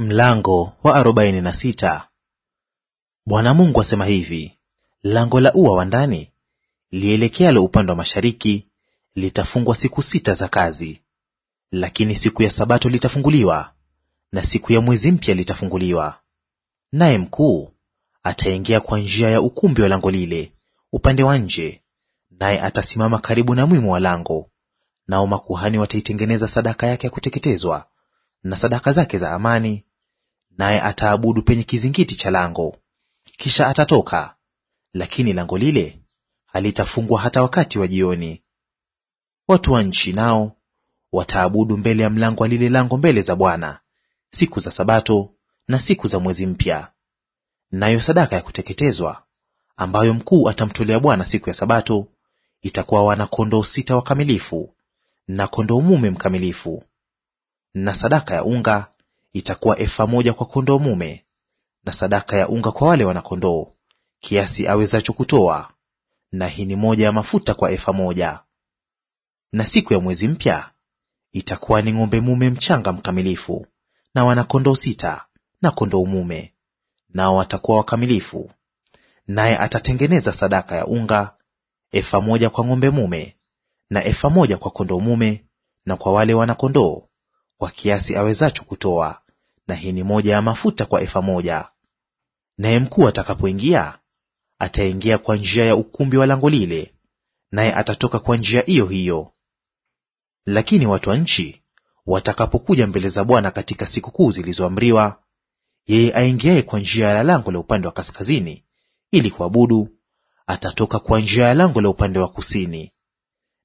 Mlango wa arobaini na sita. Bwana Mungu asema hivi: lango la ua wa ndani lielekealo upande wa mashariki litafungwa siku sita za kazi, lakini siku ya Sabato litafunguliwa na siku ya mwezi mpya litafunguliwa. Naye mkuu ataingia kwa njia ya ukumbi wa lango lile upande wa nje, naye atasimama karibu na mwimu wa lango. Nao makuhani wataitengeneza sadaka yake ya kuteketezwa na sadaka zake za amani naye ataabudu penye kizingiti cha lango. Kisha atatoka, lakini lango lile halitafungwa hata wakati wa jioni. Watu wa nchi nao wataabudu mbele ya mlango wa lile lango mbele za Bwana siku za Sabato na siku za mwezi mpya. Nayo sadaka ya kuteketezwa ambayo mkuu atamtolea Bwana siku ya Sabato itakuwa wana kondoo sita wakamilifu na kondoo mume mkamilifu na sadaka ya unga itakuwa efa moja kwa kondoo mume, na sadaka ya unga kwa wale wanakondoo kiasi awezacho kutoa, na hini moja ya mafuta kwa efa moja. Na siku ya mwezi mpya itakuwa ni ng'ombe mume mchanga mkamilifu na wanakondoo sita na kondoo mume, nao watakuwa wakamilifu. Naye atatengeneza sadaka ya unga efa moja kwa ng'ombe mume na efa moja kwa kondoo mume na kwa wale wanakondoo kwa kiasi awezacho kutoa, na hini moja ya mafuta kwa efa moja. Naye mkuu atakapoingia, ataingia kwa njia ya ukumbi wa lango lile, naye atatoka kwa njia hiyo hiyo. Lakini watu wa nchi watakapokuja mbele za Bwana katika sikukuu zilizoamriwa, yeye aingiaye kwa njia ya lango la upande wa kaskazini ili kuabudu, atatoka kwa njia ya lango la upande wa kusini.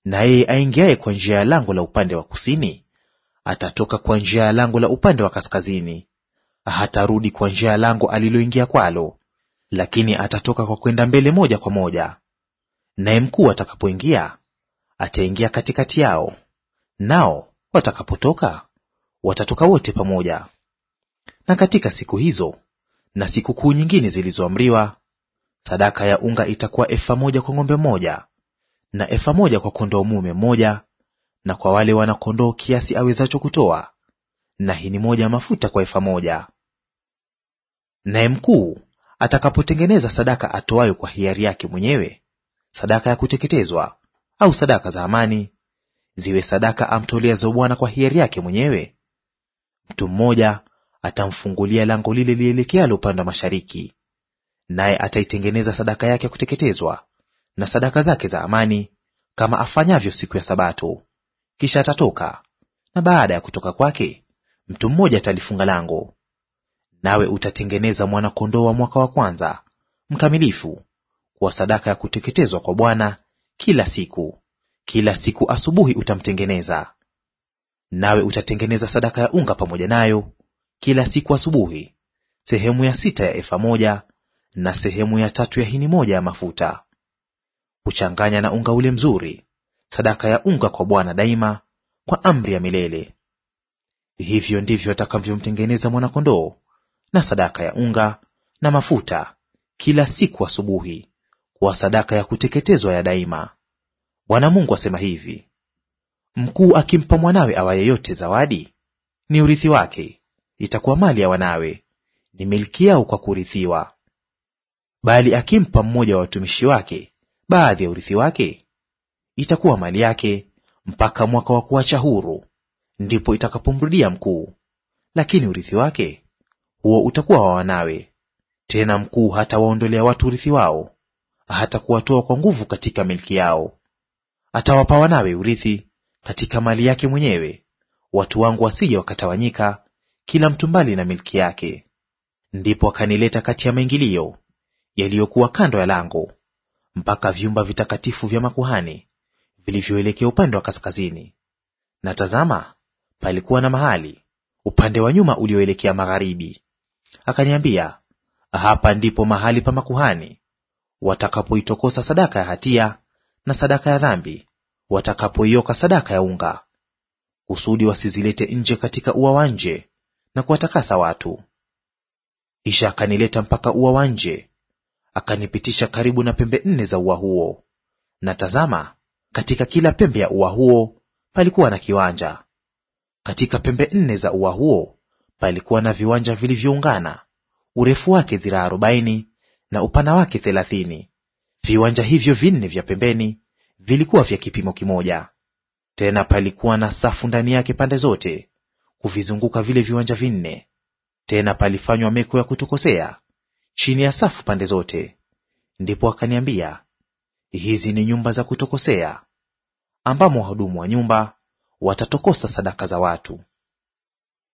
Na yeye aingiaye kwa njia ya lango la upande wa kusini atatoka kwa njia ya lango la upande wa kaskazini, hatarudi kwa njia ya lango aliloingia kwalo, lakini atatoka kwa kwenda mbele moja kwa moja. Naye mkuu atakapoingia, ataingia katikati yao, nao watakapotoka, watatoka wote pamoja. Na katika siku hizo na sikukuu nyingine zilizoamriwa, sadaka ya unga itakuwa efa moja kwa ng'ombe moja na efa moja kwa kondoo mume mmoja na kwa wale wanakondoo kiasi awezacho kutoa, na hini moja mafuta kwa efa moja. Naye mkuu atakapotengeneza sadaka atoayo kwa hiari yake mwenyewe, sadaka ya kuteketezwa au sadaka za amani, ziwe sadaka za Bwana kwa hiari yake mwenyewe, mtu mmoja atamfungulia lango lile lielekealo upande wa mashariki, naye ataitengeneza sadaka yake ya kuteketezwa na sadaka zake za amani kama afanyavyo siku ya Sabato kisha atatoka, na baada ya kutoka kwake mtu mmoja atalifunga lango. Nawe utatengeneza mwana-kondoo wa mwaka wa kwanza mkamilifu kuwa sadaka ya kuteketezwa kwa Bwana kila siku; kila siku asubuhi utamtengeneza. Nawe utatengeneza sadaka ya unga pamoja nayo kila siku asubuhi, sehemu ya sita ya efa moja na sehemu ya tatu ya hini moja ya mafuta; kuchanganya na unga ule mzuri sadaka ya unga kwa Bwana daima kwa amri ya milele. Hivyo ndivyo atakavyomtengeneza mwana-kondoo na sadaka ya unga na mafuta kila siku asubuhi kuwa sadaka ya kuteketezwa ya daima. Bwana Mungu asema hivi: mkuu akimpa mwanawe awa yote zawadi, ni urithi wake, itakuwa mali ya wanawe, ni milki yao kwa kurithiwa. Bali akimpa mmoja wa watumishi wake baadhi ya urithi wake, itakuwa mali yake mpaka mwaka wa kuacha huru, ndipo itakapomrudia mkuu. Lakini urithi wake huo utakuwa wa wanawe. Tena mkuu hatawaondolea watu urithi wao, hata kuwatoa kwa nguvu katika milki yao. Atawapa wanawe urithi katika mali yake mwenyewe, watu wangu wasije wakatawanyika kila mtu mbali na milki yake. Ndipo akanileta kati ya maingilio yaliyokuwa kando ya lango mpaka vyumba vitakatifu vya makuhani vilivyoelekea upande wa kaskazini. Na tazama, palikuwa na mahali upande wa nyuma ulioelekea magharibi. Akaniambia, hapa ndipo mahali pa makuhani watakapoitokosa sadaka ya hatia na sadaka ya dhambi, watakapoioka sadaka ya unga, kusudi wasizilete nje katika ua wa nje na kuwatakasa watu. Kisha akanileta mpaka ua wa nje, akanipitisha karibu na pembe nne za ua huo, na tazama, katika kila pembe ya ua huo palikuwa na kiwanja. Katika pembe nne za ua huo palikuwa na viwanja vilivyoungana, urefu wake dhiraa arobaini na upana wake thelathini. Viwanja hivyo vinne vya pembeni vilikuwa vya kipimo kimoja. Tena palikuwa na safu ndani yake pande zote kuvizunguka vile viwanja vinne. Tena palifanywa meko ya kutokosea chini ya safu pande zote. Ndipo akaniambia, Hizi ni nyumba za kutokosea, ambamo wahudumu wa nyumba watatokosa sadaka za watu.